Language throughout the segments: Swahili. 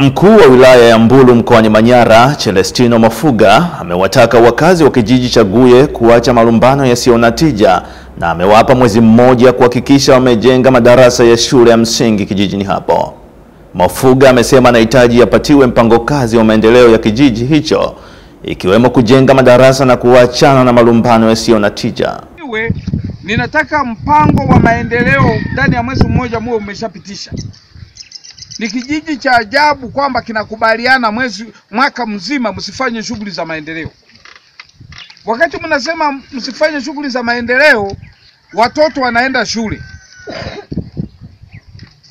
Mkuu wa wilaya ya Mbulu mkoani Manyara, Celestino Mafuga amewataka wakazi wa kijiji cha Guye kuacha malumbano yasiyo na tija na amewapa mwezi mmoja kuhakikisha wamejenga madarasa ya shule ya msingi kijijini hapo. Mafuga amesema anahitaji yapatiwe mpango kazi wa maendeleo ya kijiji hicho ikiwemo kujenga madarasa na kuachana na malumbano yasiyo na tija. Ninataka mpango wa maendeleo ndani ya mwezi mmoja muwe umeshapitisha ni kijiji cha ajabu kwamba kinakubaliana mwezi mwaka mzima msifanye shughuli za maendeleo. Wakati mnasema msifanye shughuli za maendeleo, watoto wanaenda shule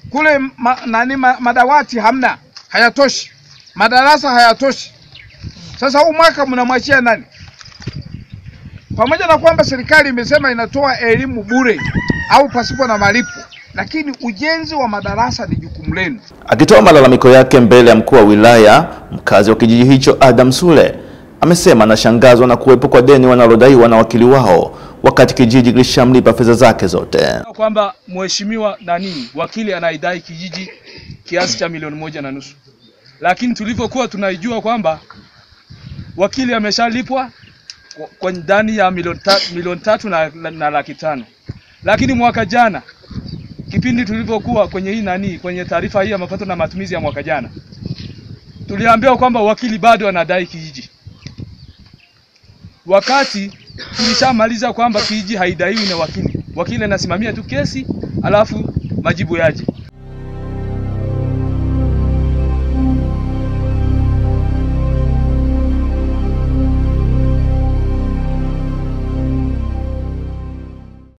kule ma, nani ma, madawati hamna, hayatoshi, madarasa hayatoshi. Sasa huu mwaka mnamwachia nani? Pamoja na kwamba serikali imesema inatoa elimu bure au pasipo na malipo, lakini ujenzi wa madarasa ni jukumu lenu. Akitoa malalamiko yake mbele ya mkuu wa wilaya, mkazi wa kijiji hicho Adam Sule amesema anashangazwa na kuwepo kwa deni wanalodaiwa na wakili wao wakati kijiji kilishamlipa fedha zake zote, kwamba mheshimiwa nani wakili anaidai kijiji kiasi cha milioni moja na nusu, lakini tulivyokuwa tunaijua kwamba wakili ameshalipwa kwa ndani ya milioni tatu na, na, na laki tano, lakini mwaka jana kipindi tulivyokuwa kwenye hii nani, kwenye taarifa hii ya mapato na matumizi ya mwaka jana, tuliambiwa kwamba wakili bado anadai kijiji, wakati tulishamaliza kwamba kijiji haidaiwi na wakili. Wakili anasimamia tu kesi alafu majibu yaje.